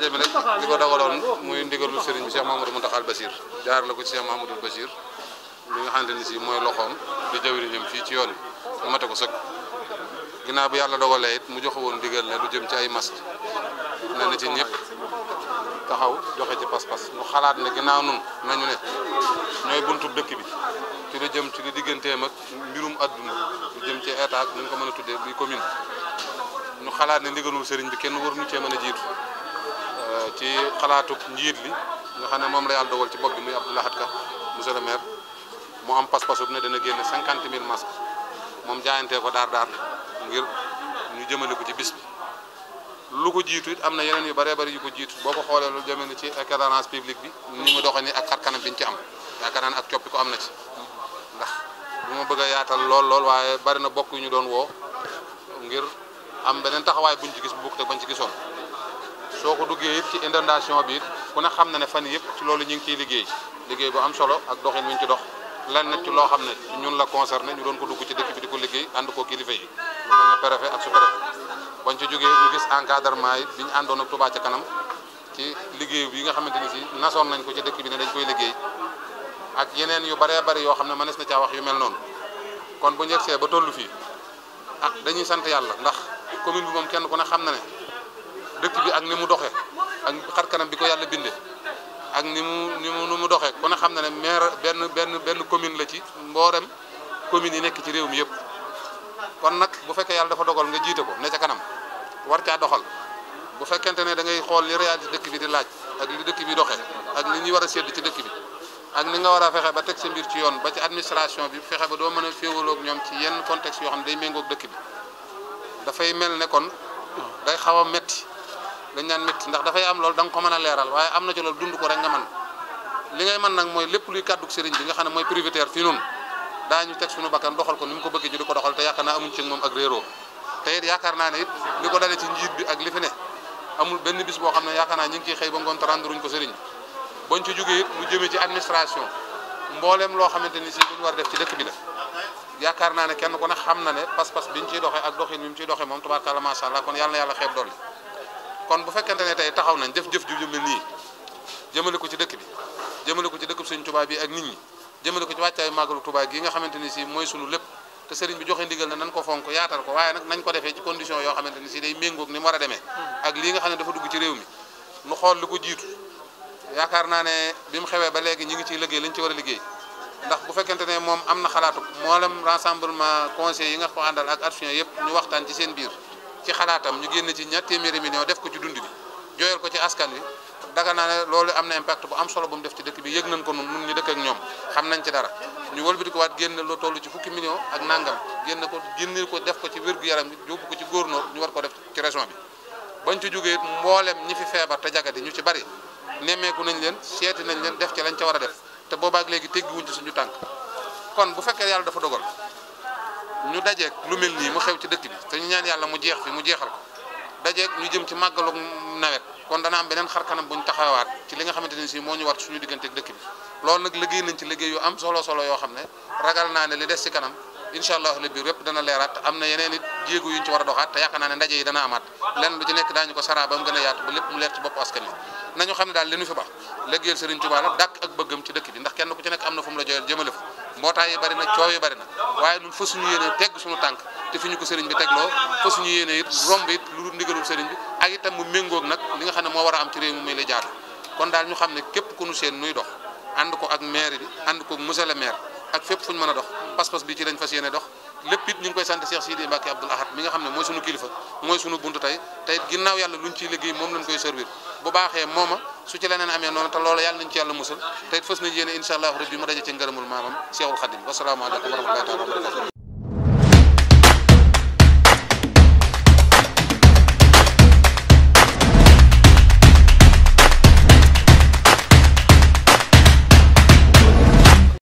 ndaje nag li ko dagaloon muy ndigalul sëriñ bi Cheikh Mamadou Mountakha Al Bachir jaar la ko ci Cheikh Mamadou Bachir li nga xamante ni si mooy loxoom di jawriñam fii ci yoon mate ko sëkk ginnaaw bi yàlla dogalee it mu joxe woon ndigal ne jëm ci ay masque ne na ci ñëpp taxaw joxe ci pas-pas mu xalaat ne ginnaaw nun nañu ne ñooy buntub dëkk bi ci lu jëm ci lu digganteem mag mbirum adduna lu jëm ci état ñu ko mën a tuddee bi commune nu xalaat ne ndigalul sëriñ bi kenn waruñu cee mën a jiitu ci xalaatu njiit li nga xam ne moom la yàlla dogal ci bopp bi muy Abdou Lahad Ka monsieur le maire mu am pas-pasu ne dana génne cinquante mille masques moom jaayantee ko daar daar ngir ñu jëmale ko ci bis bi lu ko jiitu am na yeneen yu bare bëri yu ko jiitu boo ko xoolee lool jëmale ci éclairage public bi mu doxee nii ak xar kanam bi ci am yaakaar naa ne ak coppi ko am na ci ndax bu ma bëgg a yaatal lool lool waaye bari na bokk yu ñu doon woo ngir am beneen taxawaay buñ ci gis bu te bañ ci gisoon soo ko duggee it ci inondation bi ku ne xam na ne fan yëpp ci loolu ñu ngi ciy liggéey liggéey bu am solo ak doxin wi ñu ci dox lenn ci loo xam ne ñun la concerné ñu doon ko dugg ci dëkk bi di ko liggéey ànd ko kilifa yi lu mel ne préfet ak sous gis encadrement yi bi ñu àndoon ak Touba ca kanam ci liggéey bi nga xamante ni si nasoon nañ ko ci dëkk bi dañ koy liggéey ak yeneen yu bëree bëri yoo xam ne mënees na caa wax yu mel noonu kon bu ñu see ba tollu fii ah dañuy sant yàlla ndax commune bi moom kenn ku ne xam na ne dëkk bi ak ni mu doxee ak xar kanam bi ko yàlla bindee ak ni mu ni mu ni mu doxee ku ne xam na ne maire benn benn benn commune la ci mboolem communes yi nekk ci réew mi yëpp kon nag bu fekkee yàlla dafa dogal nga jiite ko ne ca kanam war caa doxal bu fekkente ne da ngay xool li réalité dëkk bi di laaj ak li dëkk bi doxee ak ni ñuy war a sédd ci dëkk bi ak ni nga war a fexe ba teg sa mbir ci yoon ba ci administration bi fexe ba doo mën a féewaloo ak ñoom ci yenn contexte yoo xam ne day méngoog dëkk bi mel ne kon day metti dañ naan métti ndax dafay am lool da nga ko a leeral waaye am na ci loolu dund ko rek nga man li ngay mën nag mooy lépp luy kàddu sëriñ bi nga xam ne mooy prioritaire fii noonu daañu teg suñu bakkan doxal ko ni mu ko bëggee ji di ko doxal te yaakaar naa amuñ ci moom ak réeroo te it yaakaar naa ne it li ko dalee ci njiit bi ak benn bis boo xam ne yaakaar naa ñu ngi ciy xëy ba ngoon renderuñ ko sëriñ bañ ci jógee it mu jëmee ci administration mbooleem loo xamante ni si luñ war def ci dëkk bi la yaakaar naa ne kon bu fekkente ne tey taxaw nañ jëf-jëf ju mel nii jëmale ko ci dëkk bi jëmale ko ci dëkk Sëriñ Tuubaa bi ak nit ñi jëmale ko ci wàccaayu màggalu Tuubaa gi nga xamante ni si mooy sunu lépp te sëriñ bi joxe ndigal nañ ko fonk yaatal ko waaye nag nañ ko defee ci condition yoo xamante ni si day méngoog ni mu war a demee ak li nga xam ne dafa dugg ci réew mi nu xool li ko jiitu yaakaar naa ne bi mu xewee ba léegi ñi ngi ciy liggéey lañ ci war a liggéey ndax bu fekkente ne moom am na xalaatu mboolem rassemblement conseil yi nga ko àndal ak action yëpp ñu waxtaan ci seen biir ci xalaatam ñu génne ci ñaar téeméeri million def ko ci dund bi jooyal ko ci askan wi daga naa ne loolu am na impact bu am solo bu mu def ci dëkk bi yëg nañ ko nun nun ñu dëkk ak ñoom xam nañ ci dara ñu wëlbati ko waat génn loo toll ci fukki million ak nangam génn ko génn ko def ko ci wér-gu-yaram bi yóbbu ko ci góornóor ñu war ko def ci région bi bañ ci jógee mbooleem ñi fi feebar te jagadi ñu ci bari nemmeeku nañ leen seeti nañ leen def ci lañ ca war a def te boobaak léegi teggiwuñ ci suñu tànk kon bu fekkee yàlla dafa dogal ñu dajeeg lu mel nii mu xew ci dëkk bi te ñu ñaan yàlla mu jeex fi mu jeexal ko dajeeg ñu jëm ci màggalu nawet kon dana am beneen xar kanam bu ñu taxawaat ci li nga xamante ne si moo ñu war suñu digganteeg dëkk bi loolu nag liggéey nañ ci liggéey am solo solo yoo xam ne ragal naa ne li des ci kanam incha allah le biir yëpp na yeneen it jéego yuñ ci war a doxaat te yaakaar naa ne ndaje yi dana amaat lenn lu ci nekk ko saraa ba gën a yaatu ba lépp leer ci bopp askan wi nañu xam ne daal li nu fi baax liggéeyal Serigne Touba ak bëggam ci dëkk bi ndax kenn ku ci na fu mu la joyal jëmale fa mbootaay yi bari na coow yi bari na waaye ñun fa suñu yéene tegg suñu tànk te fi ñu ko sëriñ bi tegloo fa suñu yéene it romb it lu dul ndigalul sëriñ bi ak itam mu méngoog nag li nga xam ne moo war am ci réew mi muy la kon daal ñu xam ne képp ku nu seen nuy dox ànd ko ak maire bi ànd ko monsieur le maire ak fépp fu ñu mën a dox pas-pas bi ci lañ fas yéene dox lépp it ñu ngi koy sant Cheikh Sidi Mbacke Abdoul xam ne mooy suñu kilifa mooy suñu buntu tey tey ginnaaw yàlla luñ ci liggéey moom lañ koy servir bu baaxee mooma su ci leneen amee noonu te loolu yàlla nañ ci yàlla musal te it fas nañ yéene incha allahu rabbi mu daje ci ngërëmul maamam Seexul Xadim wasalaamaaleykum wa rahmatullahi taala wa barakatu